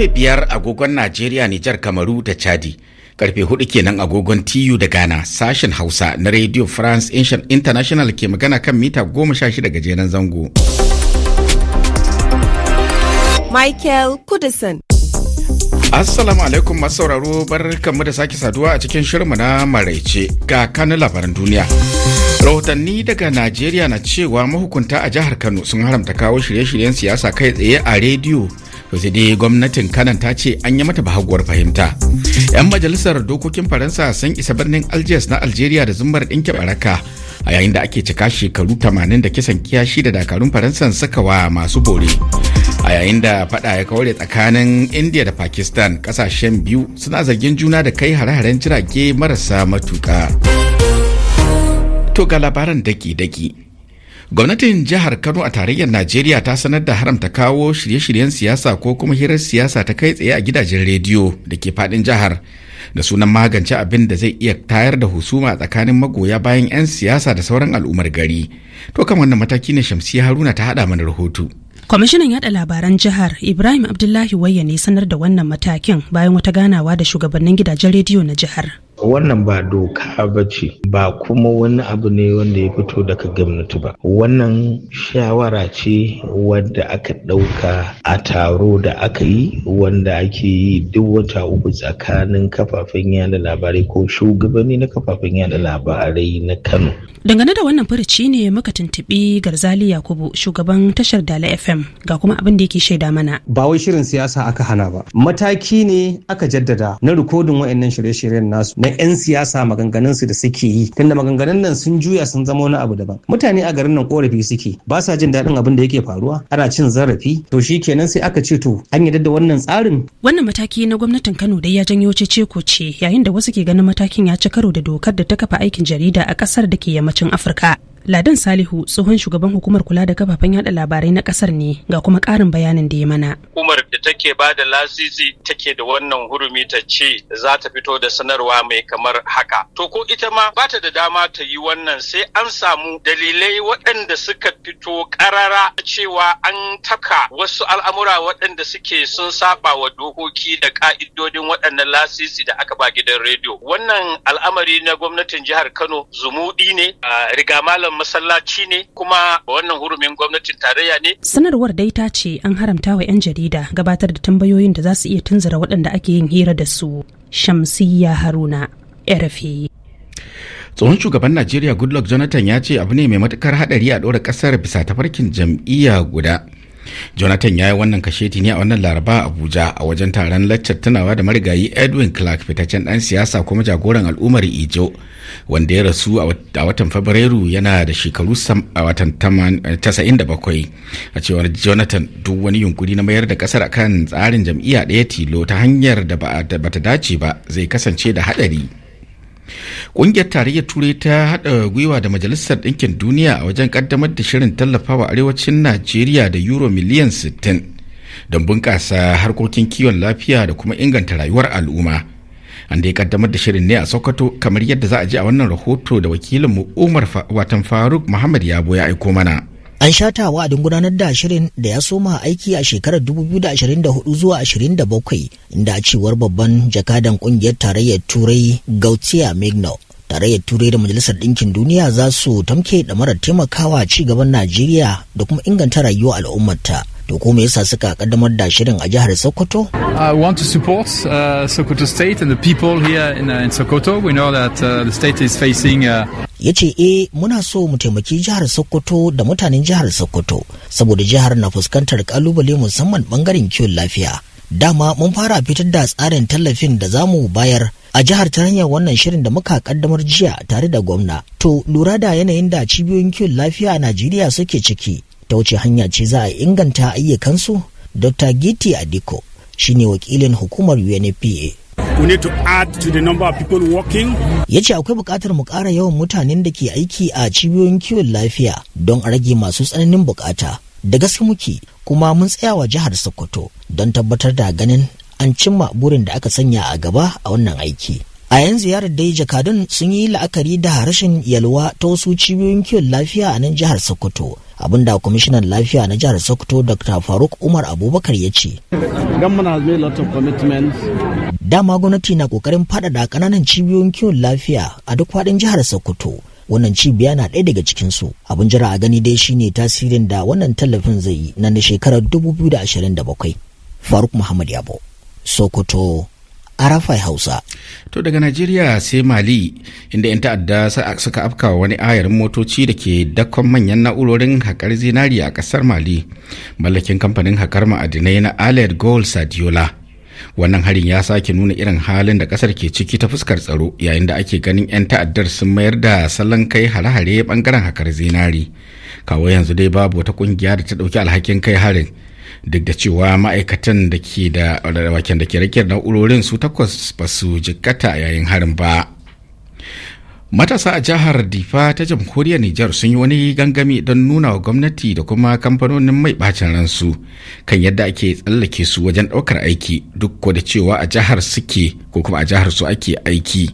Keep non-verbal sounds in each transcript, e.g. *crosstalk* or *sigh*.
karfe biyar agogon Najeriya, Nijar, Kamaru da Chadi. Karfe hudu kenan agogon TU da Ghana sashen Hausa na Radio France International ke magana kan mita goma sha shida gajeren zango. Michael Kudison. Assalamu alaikum masu sauraro barkanmu da sake saduwa a cikin shirinmu na maraice ga kanun labaran duniya. Rahotanni daga Najeriya na cewa mahukunta a jihar Kano sun haramta kawo shirye-shiryen siyasa kai tsaye a rediyo to sai dai gwamnatin kanan ta ce an yi mata bahaguwar fahimta yan majalisar dokokin faransa sun isa birnin algiers na algeria da zumbar ɗinke baraka a yayin da ake cika shekaru 80 da kisan kiyashi da dakarun faransa suka wa masu bore a yayin da fada ya kaure tsakanin india da pakistan kasashen biyu suna zargin juna da kai hare-haren jirage marasa matuka to ga labaran daki-daki gwamnatin jihar kano a tarayyar najeriya ta sanar da haramta kawo shirye-shiryen siyasa ko kuma hirar siyasa ta kai tsaye a gidajen rediyo da ke fadin jihar da sunan magance abin da zai iya tayar da husuma a tsakanin magoya bayan 'yan siyasa da sauran al'ummar gari to kan wannan mataki ne shamsiyya haruna ta hada mana rahoto Kwamishinan yada labaran jihar Ibrahim Abdullahi Wayya ne sanar da wannan matakin bayan wata ganawa da shugabannin gidajen rediyo na jihar. wannan ba doka ba ce ba kuma wani abu ne wanda ya fito daga gwamnati ba wannan shawara ce wadda aka ɗauka a taro da aka yi wanda ake yi duk wata uku tsakanin kafafen yada labarai ko shugabanni na kafafen yada labarai na kano dangane da wannan furuci ne muka tuntubi garzali yakubu shugaban tashar dala fm ga kuma abin da yake shaida mana ba wai shirin siyasa aka hana ba mataki ne aka jaddada na rikodin wa'annan shirye-shiryen nasu na 'yan siyasa maganganun su da suke yi tunda maganganun nan sun juya sun zama wani abu daban mutane a garin nan korafi suke ba sa jin daɗin abin da yake faruwa ana cin zarafi to shi kenan sai aka ce to an yarda da wannan tsarin wannan mataki na gwamnatin Kano dai ya janyo cece ce yayin da wasu ke ganin matakin ya ci karo da dokar da ta kafa aikin jarida a ƙasar da ke yammacin Afirka Ladan Salihu tsohon shugaban hukumar kula da kafafen yada labarai na kasar ne ga kuma karin bayanin da ya mana. Hukumar da take ba da lasisi take da wannan hurumi ta ce za ta fito da sanarwa mai kamar haka. To ko ita ma ba ta da dama ta yi wannan sai an samu dalilai waɗanda suka fito ƙarara cewa an taka wasu al'amura waɗanda suke sun saba wa dokoki da ka'idodin waɗannan lasisi da aka ba gidan rediyo. Wannan al'amari na gwamnatin jihar Kano zumuɗi ne a riga malam masallaci ne kuma wannan hurumin gwamnatin tarayya ne. Sanarwar dai ta ce an haramta wa 'yan jarida gabatar da tambayoyin da za su iya tunzura waɗanda ake yin hira da su. Shamsiyya Haruna, RFI. tsohon shugaban najeriya goodluck jonathan ya ce abu ne mai matukar hadari a ɗora ƙasar bisa tafarkin jam'iyya guda jonathan ya yi wannan kasheti ne a wannan laraba abuja a wajen taron laccar tunawa da marigayi edwin clark fitaccen dan siyasa kuma jagoran al'ummar ijo wanda ya rasu a watan fabrairu yana da shekaru a watan 97 eh, a cewar jonathan duk wani yunkuri na mayar da kasar kan tsarin jam'iyya ɗaya tilo ta hanyar da ba ta dace ba zai kasance da haɗari Ƙungiyar tarayyar Turai ta haɗa gwiwa da Majalisar Ɗinkin Duniya a wajen ƙaddamar da shirin tallafawa arewacin Najeriya da Euro miliyan 60 don bunƙasa harkokin kiwon lafiya da kuma inganta rayuwar al'umma. An dai ƙaddamar da shirin ne a Sokoto kamar yadda za a ji a wannan rahoto da wakilin mu Umar watan Faruk Muhammad Yabo ya aiko mana. An shata wa'adin gudanar da shirin da ya soma aiki a shekarar 2024 zuwa 27 inda a cewar babban jakadan kungiyar tarayyar turai Gautier Mignol. tarayyar turai da majalisar ɗinkin duniya za su tamke da ɗamarar taimakawa ci gaban najeriya da kuma inganta rayuwar al'ummarta to ko me yasa suka kaddamar da shirin a jihar Sokoto? I want to support uh, Sokoto state and the people here in, uh, in Sokoto. We know that uh, the state is facing uh... ya ce eh muna so mu taimaki jihar sokoto da mutanen jihar sokoto saboda jihar na fuskantar kalubale musamman bangaren kiwon lafiya dama mun fara fitar da tsarin tallafin da za mu bayar a jihar ta hanyar wannan shirin da muka kaddamar jiya tare da gwamna to lura da yanayin da cibiyoyin kiwon lafiya a najeriya suke ciki ta wuce hanya ce za a inganta ayyukansu dr giti adiko shine wakilin hukumar unfpa We need to add to the number of people working. Ya ce akwai bukatar mu ƙara yawan mutanen da ke aiki a cibiyoyin kiwon lafiya don a rage masu tsananin bukata Da gaske muke kuma mun tsaya wa jihar Sokoto don tabbatar da ganin an cimma burin da aka sanya a gaba a wannan aiki a yan ziyarar dai jakadun sun yi la'akari da rashin yalwa ta wasu cibiyoyin kiwon lafiya a nan jihar sokoto abin da kwamishinan lafiya na jihar sokoto dr faruk umar abubakar ya ce dama gwamnati na kokarin faɗaɗa ƙananan cibiyoyin kiwon lafiya a duk faɗin jihar sokoto wannan cibiya na ɗaya daga cikinsu abin jira a gani dai shine tasirin da wannan tallafin zai yi na da shekarar 2027 faruk muhammad yabo sokoto arafai hausa to daga najeriya sai mali inda 'yan ta'adda suka afka wani ayarin motoci da ke dakon manyan na'urorin haƙar zinari a ƙasar mali mallakin kamfanin haƙar ma'adinai na aled gold sadiola wannan harin ya sake nuna irin halin da ƙasar ke ciki ta fuskar tsaro yayin da ake ganin 'yan ta'addar sun mayar da salon kai hare-hare bangaren hakar zinari kawo yanzu dai babu wata kungiya da ta ɗauki alhakin kai harin duk da cewa ma'aikatan da ke da waken da ke rakiyar na'urorin su takwas ba su jikkata yayin harin ba matasa a jihar difa ta jamhuriyar nijar sun yi wani gangami don nuna wa gwamnati da kuma kamfanonin mai bacin ransu kan yadda ake tsallake su wajen ɗaukar aiki duk da cewa a jihar suke ko kuma a jihar su ake aiki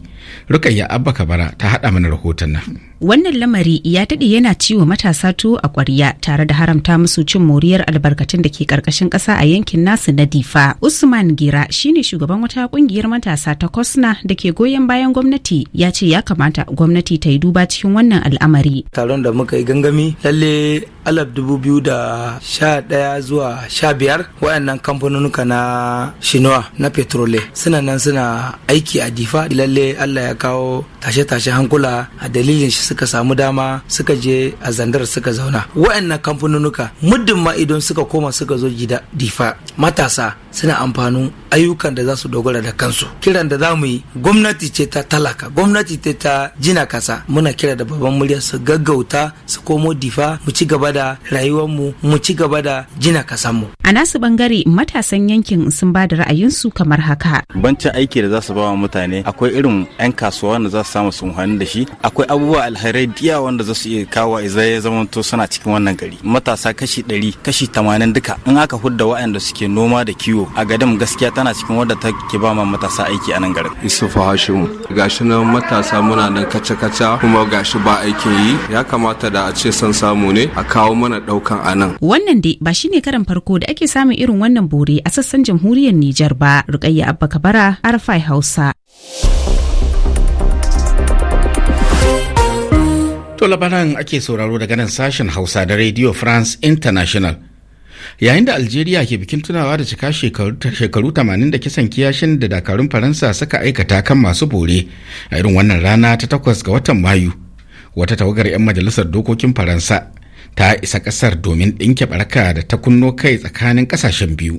rukayya abba kabara ta haɗa mana rahoton nan Wannan lamari ya daɗe yana ciwo matasa tuwo a ƙwarya tare da haramta musu cin moriyar albarkatun da ke ƙarƙashin ƙasa a yankin nasu na Difa. Usman Gira shine shugaban wata ƙungiyar matasa ta Kosna da ke goyon bayan gwamnati ya ce ya kamata gwamnati ta yi duba cikin wannan al'amari. Taron da muka yi gangami lalle alaf dubu biyu da sha daya zuwa sha biyar waɗannan kamfanonuka na shinoa na petrole suna nan suna aiki a difa lalle allah ya kawo tashe-tashe hankula a dalilin shi suka samu dama suka je a zandar suka zauna wayannan kamfanonuka muddin ma idan suka koma suka zo gida difa matasa suna amfanin ayyukan da za su dogara da kansu kiran da za mu yi gwamnati ce ta talaka gwamnati ce ta jina kasa muna kira da babban murya su gaggauta su komo difa mu ci gaba da da rayuwarmu mu ci gaba da jina kasanmu. A nasu bangare matasan yankin sun ba da ra'ayinsu kamar haka. Bancin aiki da za su bawa mutane akwai irin 'yan kasuwa wanda za su samu sun hannu da shi akwai abubuwa alharai diya wanda za su iya kawo ya zama to suna cikin wannan gari. Matasa kashi ɗari kashi tamanin duka in aka hudda waɗanda suke noma da kiwo a gadam gaskiya tana cikin wadda ke ba ma matasa aiki a nan garin. Isufu Hashim gashi nan matasa muna nan kaca-kaca kuma gashi ba aikin yi ya kamata da a ce san samu ne a kawo kawo mana daukan a nan. Wannan dai ba shine karan farko da ake samun irin wannan bore a sassan jamhuriyar Nijar ba. Rukayya Abba Kabara, Arfai Hausa. To labaran ake sauraro daga nan sashen Hausa da Radio France International. Yayin da Algeria ke bikin tunawa da cika shekaru 80 da kisan kiyashin da dakarun Faransa suka aikata kan masu bore a irin wannan rana ta 8 ga watan Mayu. Wata tawagar 'yan majalisar dokokin Faransa ta isa ƙasar domin ɗinke baraka da ta kunno kai tsakanin ƙasashen biyu.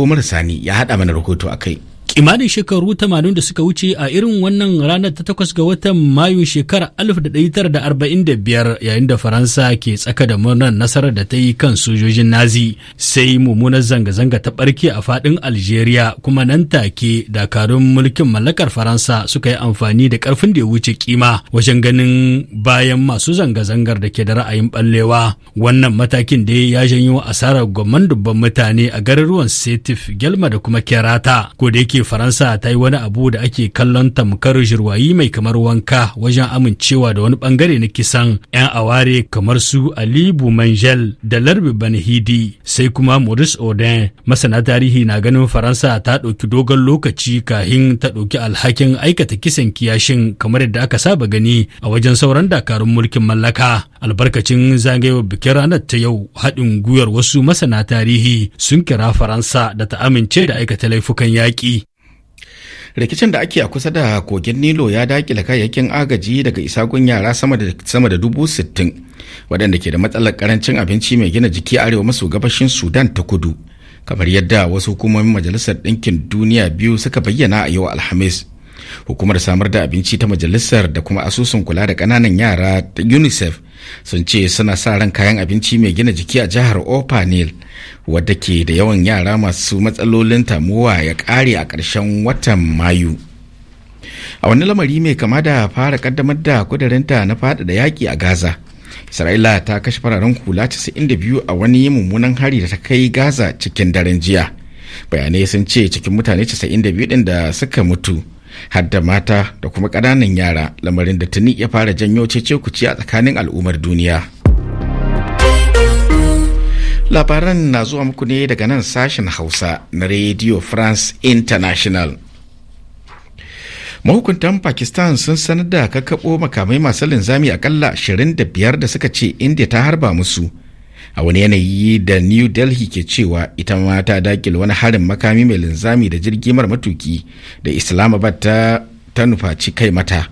Umar Sani ya haɗa mana rahoto a kai. kimanin shekaru 80 da suka wuce a irin wannan ranar ta takwas ga watan mayu shekarar 1945 yayin da faransa ke tsaka da murnar nasarar da ta yi kan sojojin nazi sai mummunar zanga-zanga ta barke a fadin algeria kuma nan take dakarun mulkin mallakar faransa suka yi amfani da karfin da ya wuce kima wajen ganin bayan masu zanga-zangar da ke da ra'ayin ballewa wannan matakin da ya janyo asarar gwamnan dubban mutane a garuruwan setif gelma da kuma kerata ko yake yake faransa ta yi wani abu da ake kallon tamkar jirwayi mai kamar wanka wajen amincewa da wani bangare na kisan 'yan aware kamar su ali bumangel da larbi banhidi sai kuma maurice odin masana tarihi na ganin faransa ta ɗauki dogon lokaci kahin ta ɗauki alhakin aikata kisan kiyashin kamar yadda aka saba gani a wajen sauran dakarun mulkin mallaka albarkacin zagayewar bikin ranar ta yau haɗin gwiwar wasu masana tarihi sun kira faransa da ta amince da aikata laifukan yaƙi rikicin da ake a kusa da kogin nilo ya dakila kayayyakin agaji daga isagun yara sama da dubu sittin waɗanda ke da matsalar karancin abinci mai gina jiki arewa maso gabashin sudan ta kudu kamar yadda wasu hukumomin majalisar ɗinkin duniya biyu suka bayyana a yau alhamis hukumar samar da abinci ta majalisar da kuma asusun kula da ƙananan yara ta unicef sun ce suna sa ran kayan abinci mai gina jiki a jihar opanil wadda ke da yawan yara masu matsalolin tamuwa ya ƙare a ƙarshen watan mayu a wani lamari mai kama da fara kaddamar da kudurinta na faɗaɗa yaƙi a gaza isra'ila ta kashe fararen hula 92 a wani mummunan hari da ta kai gaza cikin daren jiya bayanai sun ce cikin mutane 92 ɗin da suka mutu har da mata da kuma ƙananan yara lamarin da tuni ya fara janyo cece a tsakanin al'ummar duniya labaran na zuwa muku ne daga nan sashen hausa na radio france international mahukuntan pakistan sun sanar da kakkaɓo makamai masu linzami akalla 25 da suka ce india ta harba musu a wani yanayi da new delhi ke cewa ita ma ta dakile wani harin makami mai linzami da jirgi mara matuki da islamabad ta, ta nufaci kai mata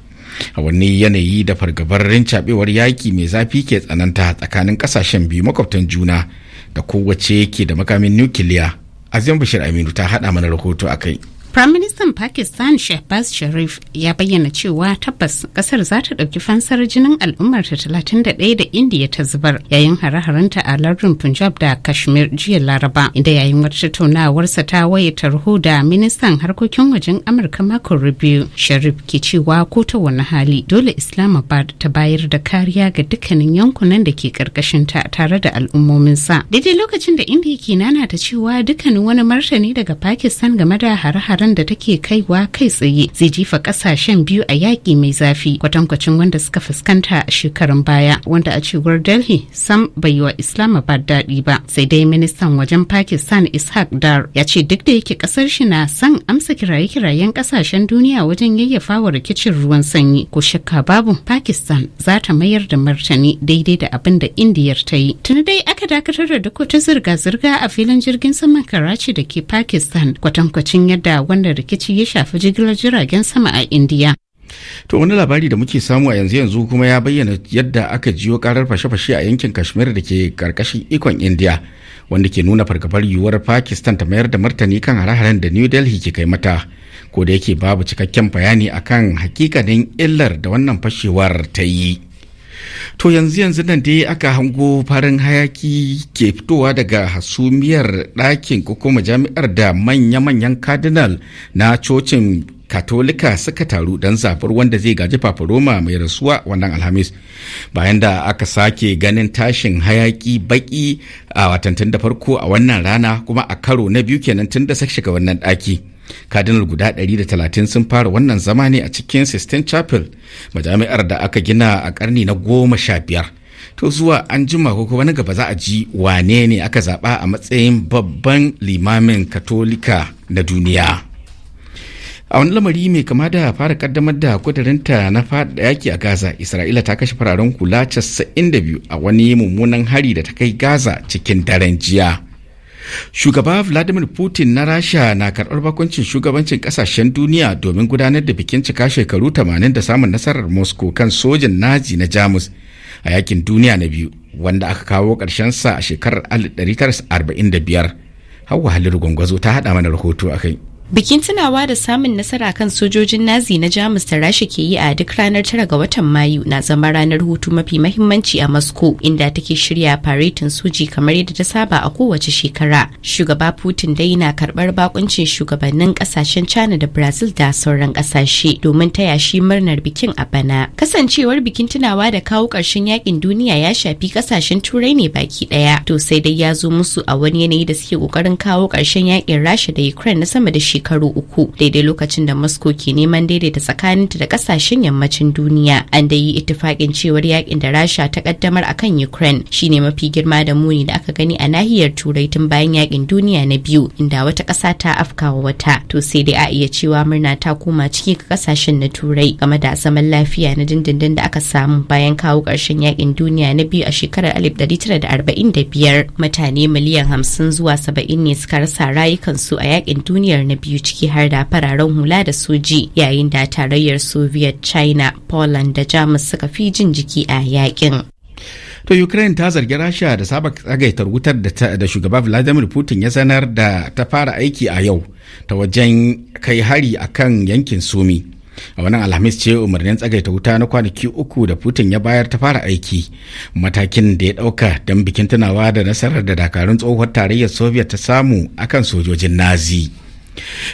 a wani yanayi da fargabar rincabewar yaki mai zafi ke tsananta tsakanin kasashen biyu makwabtan juna da kowace ke da makamin nukiliya azim bashir aminu ta haɗa mana rahoto a kai Firaministan Pakistan Shehbaz Sharif ya bayyana cewa tabbas kasar za ta ɗauki fansar jinin al'ummar ta 31 da Indiya ta zubar yayin hare-harenta a lardin Punjab da Kashmir jiya Laraba inda yayin wata tattaunawarsa ta waye tarho da ministan harkokin wajen Amurka makon Rubio Sharif ke cewa ko ta wani hali dole Islamabad ta bayar da kariya ga dukkanin yankunan da ke karkashin ta, tare da al'ummomin sa. Daidai lokacin da Indiya ke nana ta cewa dukkanin wani martani daga Pakistan game da hare hare da take kaiwa kai tsaye zai jifa kasashen biyu a yaƙi mai zafi kwatankwacin wanda suka fuskanta a shekarun baya wanda a cewar delhi sam bai wa islamabad daɗi ba sai dai ministan wajen pakistan ishaq dar ya ce duk da yake ƙasar shi na san amsa kiraye-kirayen ƙasashen duniya wajen yayyafa wa rikicin ruwan sanyi ko shakka babu pakistan za ta mayar da martani daidai da abin da indiyar ta yi tuni dai aka dakatar da duk wata zirga-zirga a filin jirgin saman karaci da ke pakistan kwatankwacin yadda wanda rikici ya shafi jigilar jiragen sama a indiya to wani labari da muke samu a yanzu yanzu kuma ya bayyana yadda aka jiyo karar fashe-fashe a yankin kashmir da ke karkashin ikon indiya wanda ke nuna fargabar yiwuwar pakistan ta mayar da martani kan hare-haren da new delhi ke kai mata ko da yake babu cikakken bayani akan hakikanin illar da wannan fashewar ta yi To yanzu yanzu nan dai aka hango farin hayaki ke fitowa daga hasumiyar ɗakin ko kuma jami'ar da manya-manyan cardinal na cocin katolika suka taru don zabar wanda zai gaji Papa Roma mai rasuwa wannan alhamis bayan da aka sake ganin tashin hayaki baki a watan da farko a wannan rana kuma a karo na biyu kenan tun da saka shiga wannan ɗaki. kadinal guda 130 sun fara wannan zama ne a cikin sistine chapel majami'ar da aka gina a karni na goma sha biyar to zuwa an jima ko kuma na gaba za a ji wane ne aka zaba a matsayin babban limamin katolika na duniya a wani lamari mai kama da fara kaddamar da kudurinta na fada yaki a gaza isra'ila ta kashe fararen kula 92 a wani mummunan hari da ta kai gaza cikin daren jiya shugaba vladimir putin na rasha na karɓar bakuncin shugabancin ƙasashen duniya domin gudanar da bikin cika shekaru 80 da samun nasarar moscow kan sojin nazi na jamus a yakin duniya na biyu wanda aka kawo sa a shekarar 1945 hawa halin gwangwazo ta haɗa mana rahoto a kai Bikin tunawa da samun nasara kan sojojin Nazi na Jamus da Rasha ke yi a duk ranar tara ga watan Mayu na zama ranar hutu mafi mahimmanci a Moscow inda take shirya faretin soji kamar yadda ta saba a kowace shekara. Shugaba Putin dai na karbar bakuncin shugabannin kasashen China da Brazil da sauran kasashe domin ta yashi murnar bikin a bana. Kasancewar bikin tunawa da kawo ƙarshen yakin duniya ya shafi kasashen Turai ne baki daya To sai dai ya zo musu a wani yanayi da suke kokarin kawo ƙarshen yakin Rasha da Ukraine na sama da shi shekaru uku daidai lokacin da Moscow ke neman daidaita tsakaninta da kasashen yammacin duniya. An da yi ittifakin cewar yakin da Rasha ta kaddamar akan Ukraine shine mafi girma da muni da aka gani a nahiyar Turai tun bayan yakin duniya na biyu inda wata ƙasa ta afkawa wata. To sai dai a iya cewa murna ta koma ciki ga kasashen na Turai game da zaman lafiya na dindindin da aka samu bayan kawo ƙarshen yakin duniya na biyu a shekarar 1945 mutane miliyan 50 zuwa 70 ne suka rasa rayukansu a yakin duniyar na biyu. biyu ciki har da fararen hula da soji yayin da tarayyar soviet china poland da jamus suka fi jin jiki a yakin to ukraine ta zargi rasha da saba tsagaitar wutar da shugaba vladimir putin ya sanar da ta fara aiki a yau ta wajen kai hari a kan yankin sumi a wannan alhamis ce umarnin tsagaita wuta na kwanaki uku da putin ya bayar ta fara aiki matakin da ya dauka don bikin tunawa da nasarar da dakarun tsohuwar tarayyar soviet ta samu akan sojojin nazi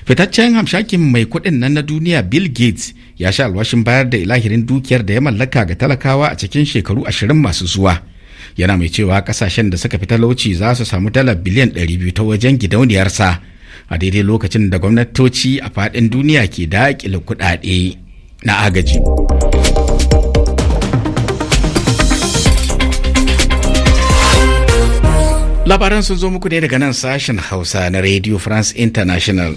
fitaccen hamshakin mai kuɗin nan na duniya bill gates ya sha alwashin bayar da ilahirin dukiyar da ya mallaka ga talakawa a cikin shekaru ashirin masu zuwa yana mai cewa kasashen da suka fi talauci za su samu dala biliyan 200 ta wajen gidauniyarsa a daidai lokacin da gwamnatoci a faɗin duniya ke daƙile kuɗaɗe na agaji. labaran sun zo muku ne daga nan sashen hausa na radio france international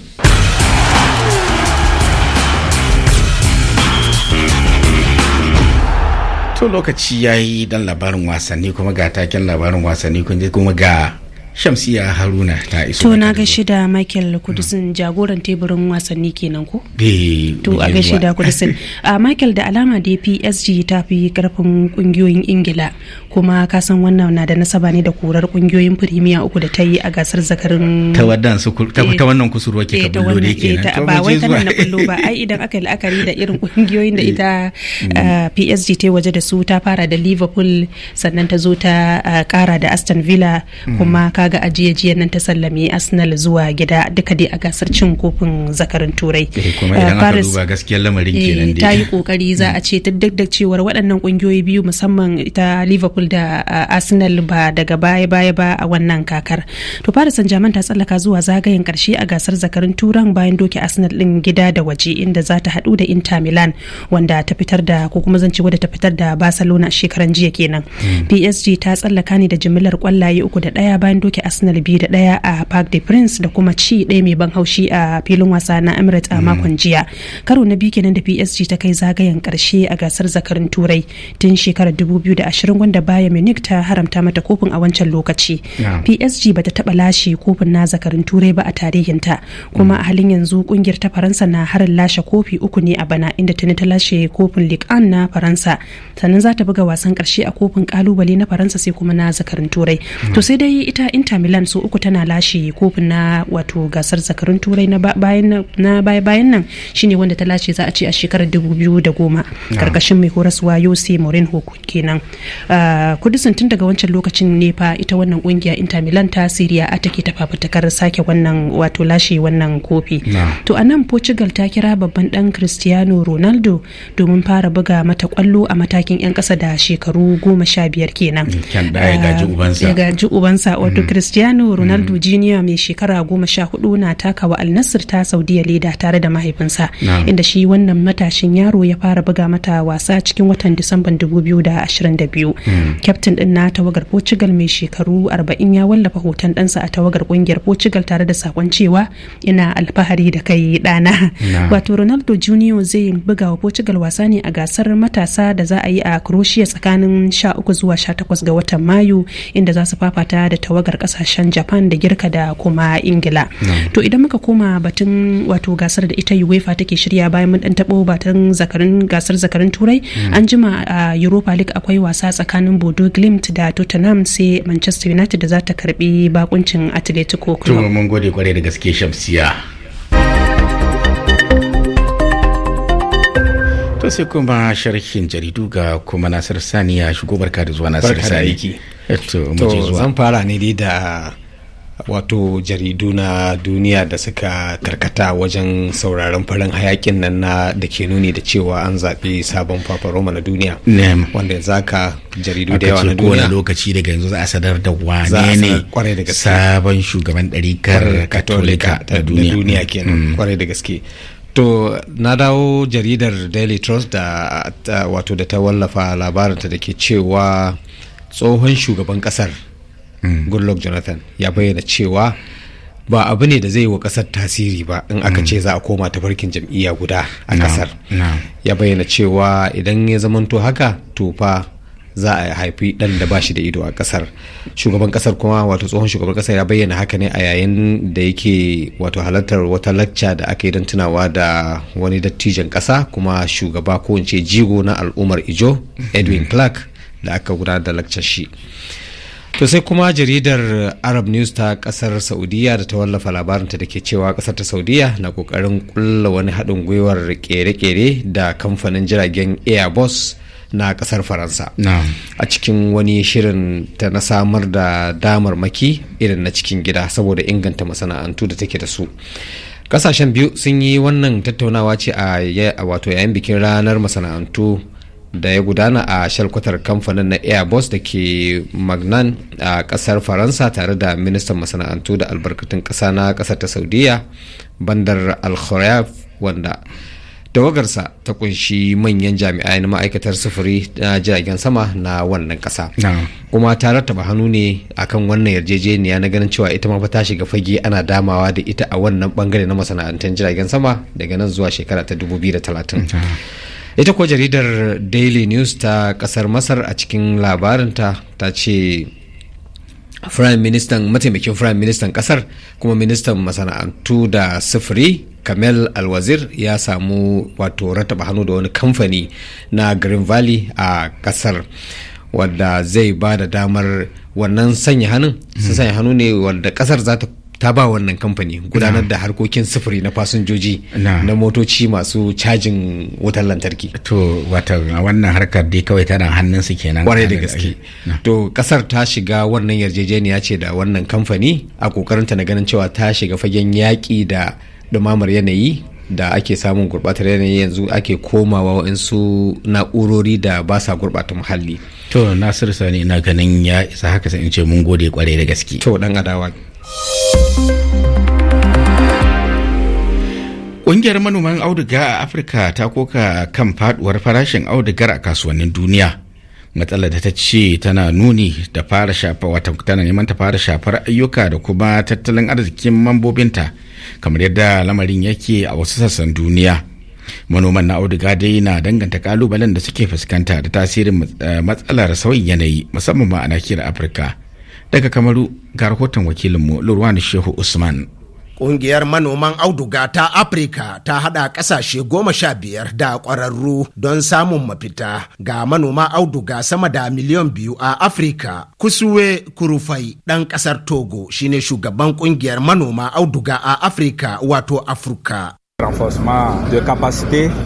to lokaci ya yi dan labarin wasanni kuma ga taken labarin wasanni kuma ga shamsiya haruna ta iso to na ga da michael mm. kudusin jagoran teburin wasanni kenan ko eh, to a ga da kudusin *laughs* a michael da alama da psg ta fi karfin kungiyoyin ingila kuma ka san wannan na da nasaba ne da korar kungiyoyin firimiya uku da ta yi a gasar zakarin ta wannan eh. kusurwa ke kabullo da yake nan ba wai tana na kullo ba ai idan aka yi la'akari da irin kungiyoyin da eh. ita mm. psg ta waje da su ta fara da liverpool sannan ta zo ta kara da aston villa mm. kuma ka ga ajiyajiyar nan ta sallame Arsenal zuwa gida duka dai a gasar cin kofin zakarin Turai. Eh, eh, paris eh, Ta yi kokari za a ce duk da cewar waɗannan kungiyoyi biyu musamman ta Liverpool da Arsenal ba daga baya baya ba a wannan kakar. To Paris Saint-Germain ta tsallaka zuwa zagayen karshe a gasar zakarin Turan bayan doke Arsenal din gida da waje inda za ta haɗu da Inter Milan wanda ta fitar da ko kuma zan ce wadda ta fitar da Barcelona shekaran jiya kenan. Hmm. PSG ta tsallaka ne da jimillar kwallaye uku da ɗaya bayan doke arsenal biyu da daya a park de prince da kuma ci ɗaya mai ban haushi a filin wasa na emirates a mm. makon jiya karo na biyu kenan da psg ta kai zagayen karshe a gasar zakarin turai tun shekarar dubu biyu da ashirin wanda baya munich ta haramta mata kofin a wancan lokaci psg bata taɓa lashe kofin na zakarin turai ba a tarihinta kuma a halin yanzu kungiyar ta faransa na harin lashe kofi uku ne a bana inda ta tuni ta lashe kofin ligue na faransa sannan za ta buga wasan karshe a kofin kalubale na faransa sai kuma na zakarin turai mm. to sai dai ita inter milan su uku tana lashe kofin na wato gasar zakarun turai na baya-bayan nan shine wanda ta lashe za a ce a shekarar goma karkashin mai horaswa yose mourinho kenan ah, kudusin tun daga wancan lokacin ne fa ita wannan kungiya inter milan ta siriya a take ta fafutakar sake wannan wato lashe wannan kofi to a nan portugal ta kira babban dan cristiano ronaldo domin fara buga mata kwallo a matakin 'yan kasa da shekaru goma sha biyar kenan ah, ya gaji ubansa mm. cristiano ronaldo mm. jr mai shekara goma sha hudu na taka wa alnasir ta saudiya leda tare da mahaifinsa inda shi wannan matashin yaro ya fara buga mata wasa cikin watan disamban 2022 mm. kyaftin din na tawagar portugal mai shekaru arba'in ya wallafa hoton ɗansa a tawagar kungiyar portugal tare da sakon cewa ina alfahari da kai ɗana wato ronaldo jr zai buga wa portugal wasa ne a gasar matasa da za a yi a croatia tsakanin 13 zuwa sha takwas ga watan mayu inda za su fafata da tawagar kasashen japan da girka da kuma ingila to idan muka koma batun wato gasar da ita uefa take shirya bayan mun dan tabo batun zakarin gasar zakarin turai hmm. an jima a europa league akwai wasa tsakanin bodo glimt da tottenham sai manchester united da za ta karbi bakuncin atletico club to mun gode kwarai da gaske shamsiya sai kuma sharhin jaridu ga kuma Nasir saniya shigo barka da zuwa Nasir Sani. To zan fara ne dai da wato jaridu na duniya da suka karkata wajen sauraron farin hayakin nan na da ke nuni da cewa an zaɓi sabon papa roma na duniya wanda za ka jaridu da yawa na duniya lokaci daga yanzu za a sadar da wane ne sabon shugaban ɗarikar katolika na duniya kenan kwarai da gaske To na dawo jaridar Daily Trust da wato da ta wallafa labarinta da ke cewa tsohon shugaban kasar hmm. Goodluck Jonathan ya bayyana cewa ba abu ne da zai wa kasar tasiri ba in aka hmm. ce za a koma tafarkin jam'iyya guda a kasar. Ya bayyana cewa idan ya zamanto haka to fa za a haifi dan da bashi da ido a kasar shugaban kasar kuma wato tsohon shugaban kasar ya bayyana haka ne a yayin da yake wato halartar wata lacca da aka yi don tunawa da wani dattijan kasa kuma shugaba ko in jigo na al'ummar ijo edwin clark da aka gudanar da laccar shi to sai kuma jaridar arab news ta kasar saudiya da ta wallafa labarinta da ke cewa kasar ta saudiya na kokarin kulla wani haɗin gwiwar kere-kere da kamfanin jiragen airbus na kasar faransa a cikin wani shirin ta na samar da damar maki irin na cikin gida saboda inganta masana'antu da take da su kasashen biyu sun yi wannan tattaunawa ce a wato yayin bikin ranar masana'antu da ya gudana a shalkwatar kamfanin na airbus da ke magnan a kasar faransa tare da ministan masana'antu da albarkatun kasa na kasar ta saudiya bandar al wanda tawagarsa ta kunshi manyan jami'ai na ma'aikatar sufuri na jiragen sama na wannan kasa kuma ta rattaba hannu ne akan wannan yarjejeniya na ganin cewa ita ma fa ta shiga fage ana damawa da ita a wannan bangare na masana'antar jiragen sama daga nan zuwa shekara ta 2030 ita ko jaridar daily news ta kasar masar a cikin labarinta ta ce firayim ministan mataimakin firayim ministan kasar kuma ministan masana'antu da sufuri kamel alwazir ya samu wato rataba hannu da wani kamfani na green valley a kasar wadda zai ba da damar wannan sanya hannun sun hmm. hannu ne wadda kasar za ta ta ba wannan kamfani gudanar da harkokin sufuri na fasinjoji na motoci masu cajin wutar lantarki to wata wannan harkar dai kawai tana hannun su kenan kwarai da gaske to kasar ta shiga wannan yarjejeniya ce da wannan kamfani a kokarin ta na ganin cewa ta shiga fagen yaƙi da dumamar yanayi da ake samun gurbatar yanayi yanzu ake komawa waɗansu na'urori da ba sa gurbata muhalli to nasir sani ina ganin ya isa haka sai in ce mun gode kwarai da gaske to dan adawa Ƙungiyar manoman auduga a Afirka ta koka kan faduwar farashin audugar a kasuwannin duniya. Matsalar da ta ce tana nuni da fara shafa wata tana neman ta fara shafar ayyuka da kuma tattalin arzikin mambobinta kamar yadda lamarin yake a wasu sassan duniya. manoman na auduga dai na danganta kalubalen da suke fuskanta da tasirin eh, matsalar sauyin yanayi musamman ma a nakiyar afirka daga kamaru ga rahoton wakilinmu lurwani shehu usman Ƙungiyar manoman auduga ta afrika ta haɗa ƙasashe goma sha biyar da ƙwararru don samun mafita ga manoma auduga sama da miliyan biyu a Afrika. Kusuwe Kurufai ɗan ƙasar Togo shine shugaban ƙungiyar manoma auduga a Afrika wato Afrika. renforcement de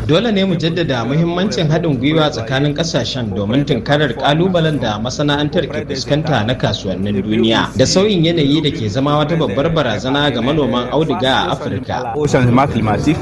Dole ne mu jaddada muhimmancin haɗin gwiwa tsakanin ƙasashen domin tunkarar ƙalubalen da masana'antar ke fuskanta na kasuwannin duniya da sauyin yanayi da ke zama wata babbar barazana ga manoman auduga a Afirka.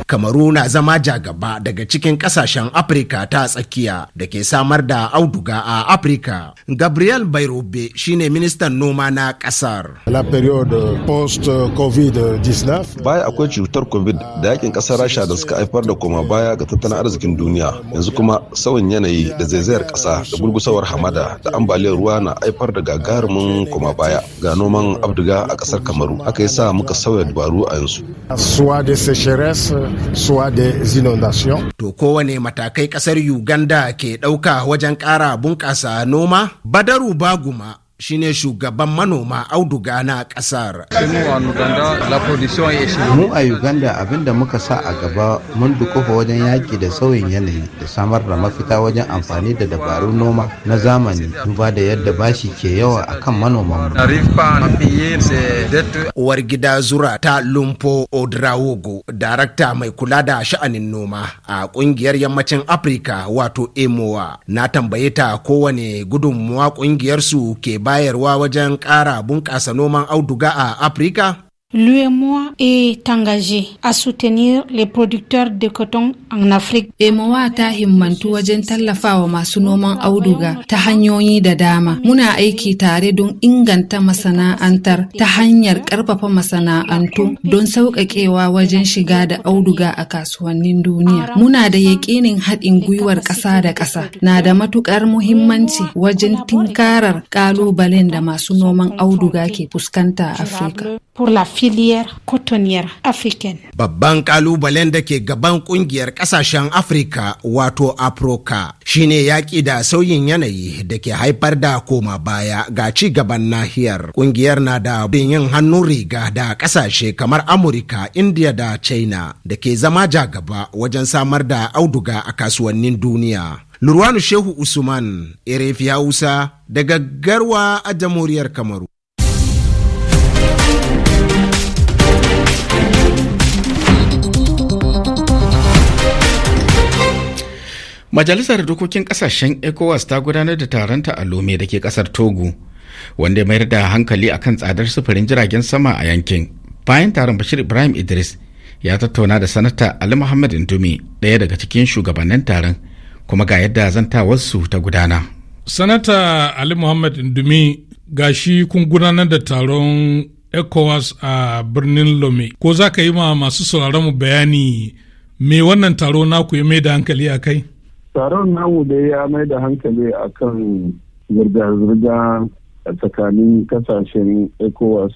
Kamaru na zama jagaba daga cikin ƙasashen Afirka ta tsakiya da ke samar da auduga a Afirka. Gabriel Bairobe shine ministan noma na ƙasar. La period post-COVID-19. akwai cutar COVID da yakin ƙasar rasha da suka haifar da koma baya ga tattalin arzikin duniya yanzu kuma sauyin yanayi da zaizayar ƙasa da gurgusawar hamada da ambaliyar ruwa na haifar da gagarumin koma baya ga noman abduga a ƙasar kamaru aka yi sa muka sauya dabaru a yanzu to kowane matakai ƙasar uganda ke ɗauka wajen ƙara bunƙasa noma badaru baguma shine shugaban manoma auduga na kasar. Mu a Uganda da muka sa a gaba mun dukufa wajen yaƙi da sauyin yanayi da samar da mafita wajen amfani da dabaru noma na zamani duba da yadda bashi ke yawa a kan manoman Uwar gida Zura ta Lumpo Odrawogo, darakta mai kula da sha'anin noma a ƙungiyar yammacin Afirka wato EMOA na tambaye ta kowane gudunmuwa ƙungiyarsu ke ba bayarwa wajen ƙara bunƙasa noman auduga a afirka L'UEMOA est engagé à soutenir les producteurs de coton en Afrique. UEMOA ta himmantu wajen tallafawa masu noman auduga ta hanyoyi da dama. Muna aiki tare don inganta masana'antar ta hanyar ƙarfafa masana'antu don sauƙaƙewa wajen shiga da auduga a kasuwannin duniya. Muna da yaƙinin haɗin gwiwar ƙasa da ƙasa na da matuƙar muhimmanci wajen tinkarar ƙalubalen da masu noman auduga ke fuskanta a Afirka. filiyar kotoniyar african babban kalubalen da ke gaban kungiyar kasashen afirka wato afroka shine yaƙi da sauyin yanayi da ke haifar da koma baya ga ci gaban nahiyar kungiyar na da yin hannun riga da kasashe kamar amurka india da china da ke zama jagaba wajen samar da auduga a kasuwannin duniya Lurwanu Shehu Usman, Erefi Hausa daga Garwa a Jamhuriyar Kamaru. Majalisar Dokokin Ƙasashen ECOWAS ta gudanar da taronta a Lome da ke ƙasar Togo, wanda ya mayar da hankali a kan tsadar sufurin jiragen sama a yankin. Bayan taron Bashir Ibrahim Idris ya tattauna da sanata Ali Muhammad Indumi ɗaya daga cikin shugabannin taron, kuma ga yadda zan ta wasu ta gudana. Sanata Ali Muhammad Indumi ga shi kun gudanar da taron ECOWAS a birnin Lome. Ko za ka yi ma masu sauraron mu bayani me wannan taro naku ya mai da hankali a kai? taron namu da ya mai da hankali a kan zirga-zirga a tsakanin kasashen ecowas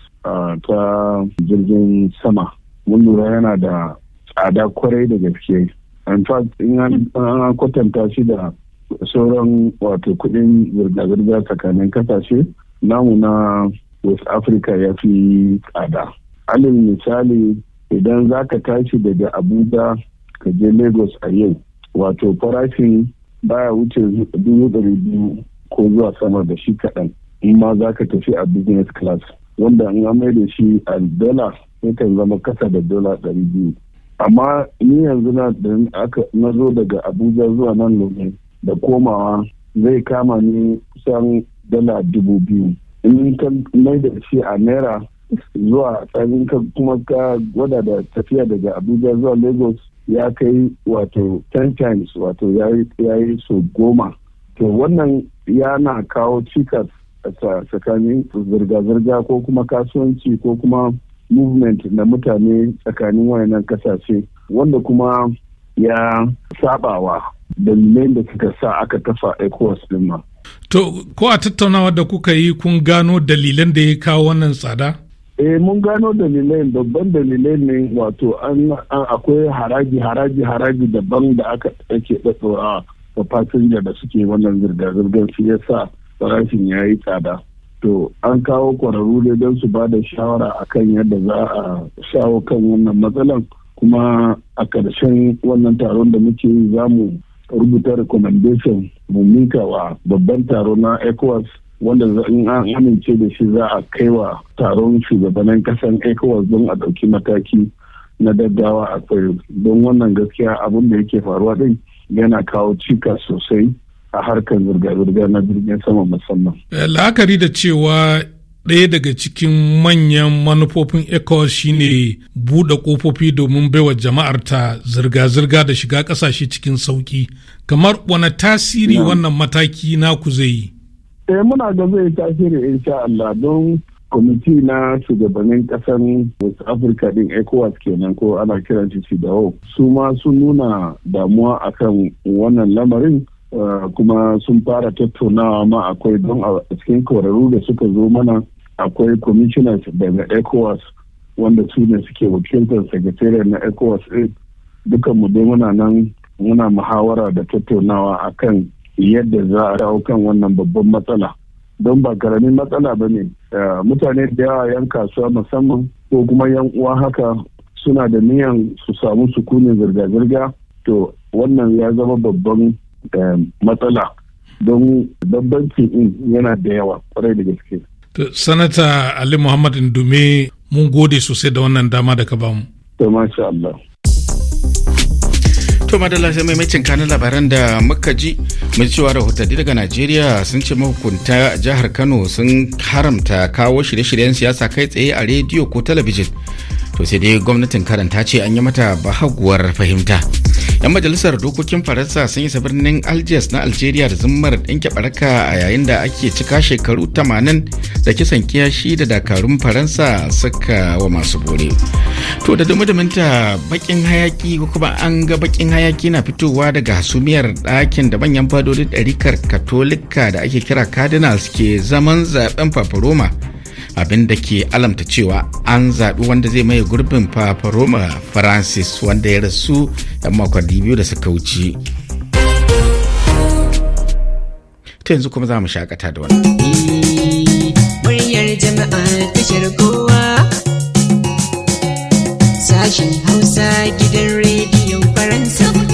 ta jirgin sama mun lura yana da tsada kwarai da gaske in fact in an kwatanta shi da sauran wato kudin zirga-zirga tsakanin kasashe namu na west africa ya fi tsada alin misali idan za ka tashi daga abuja ka je lagos a yau wato farashin baya wuce dubu ɗari biyu ko zuwa sama da shi kaɗan in ma za ka tafi a business class wanda in an mai da shi a dala yakan zama kasa da dala ɗari biyu amma ni yanzu na na zo daga abuja zuwa nan lome da komawa zai kama ni kusan dala dubu biyu in ka mai da shi a naira zuwa tsarin ka kuma ka gwada da tafiya daga abuja zuwa lagos ya kai wato 10 times wato ya yi so goma to wannan yana kawo cikas tsakanin zirga-zirga ko kuma kasuwanci ko kuma movement na mutane tsakanin wayannan kasashe wanda kuma ya sabawa dalilai da suka sa aka tafa ecowas din ma. To, ko a tattaunawar da kuka yi kun gano dalilan da ya kawo wannan tsada? eh mun gano dalilai babban dalilai ne wato an akwai haraji haraji haraji daban da aka ake ɗaɗɗora wa fasinja da suke wannan zirga-zirgar shi sa farashin ya yi tsada to an kawo kwararru ne don su ba da shawara akan yadda za a shawo kan wannan matsalan kuma a ƙarshen wannan taron da muke yi za mu rubuta recommendation mu mika wa babban taro na ecowas wanda in an amince da shi za a kai wa taron shugabannin kasan ecowas don a ɗauki mataki na daddawa a kai don wannan gaskiya abin da yake faruwa din yana kawo cika sosai a harkar zirga-zirga na jirgin sama musamman. Eh, la'akari da cewa ɗaya daga cikin manyan manufofin ecowas shine buɗe ƙofofi domin baiwa jama'ar ta zirga-zirga da shiga ƙasashe cikin sauƙi kamar wane tasiri wannan mataki naku zai yi eh muna ga zai tasiri insha Allah don kwamiti na shugabannin kasan west africa din ecowas kenan ko ana kiran shi dawo. su ma sun nuna damuwa akan wannan lamarin eh, kuma sun fara tattaunawa ma akwai don a cikin kwararru da suka zo mana akwai commissioners daga ecowas wanda su ne suke wakiltar secretariat na ecowas din mu dai muna nan muna muhawara da tattaunawa akan yadda za a dawo kan wannan babban matsala don ba karamin matsala ba ne eh, mutane da yawa yan kasuwa musamman ko kuma yan uwa haka suna da niyan su samu sukunin zirga-zirga to wannan ya zama babban eh, matsala don bambancin in yana da yawa kwarai da gaske. sanata ali muhammad indume mun gode sosai da wannan dama da ka bamu. to masha Allah. To madalla sai maimacin kanin labaran da muka ji mai cewa rahotanni daga Najeriya sun ce mahukunta jihar Kano sun haramta kawo shirye-shiryen siyasa kai tsaye a rediyo ko talabijin. To sai dai gwamnatin karanta ce an yi mata bahaguwar fahimta. 'Yan majalisar dokokin Faransa sun isa birnin Algiers na Algeria da zummar ɗinke baraka a yayin da ake cika shekaru 80 da kisan kiyashi da dakarun Faransa suka wa masu bore. To da minta bakin hayaki ko kuma an ga bakin hayaki na fitowa daga hasumiyar ɗakin da manyan fadodin ɗarikar Katolika da ake kira Cardinals ke zaman zaben Paparoma. Abinda ke alamta cewa an zaɓi wanda zai maye gurbin papa roma francis wanda ya rasu 'yan makonni biyu da suka wuce ta yanzu kuma za mu shakata da wani. jama'a tashar sashen hausa gidan rediyon faransa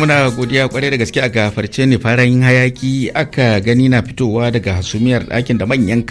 muna godiya kwarai da gaske a gafarce ne faran hayaki aka gani na fitowa daga hasumiyar ɗakin da manyan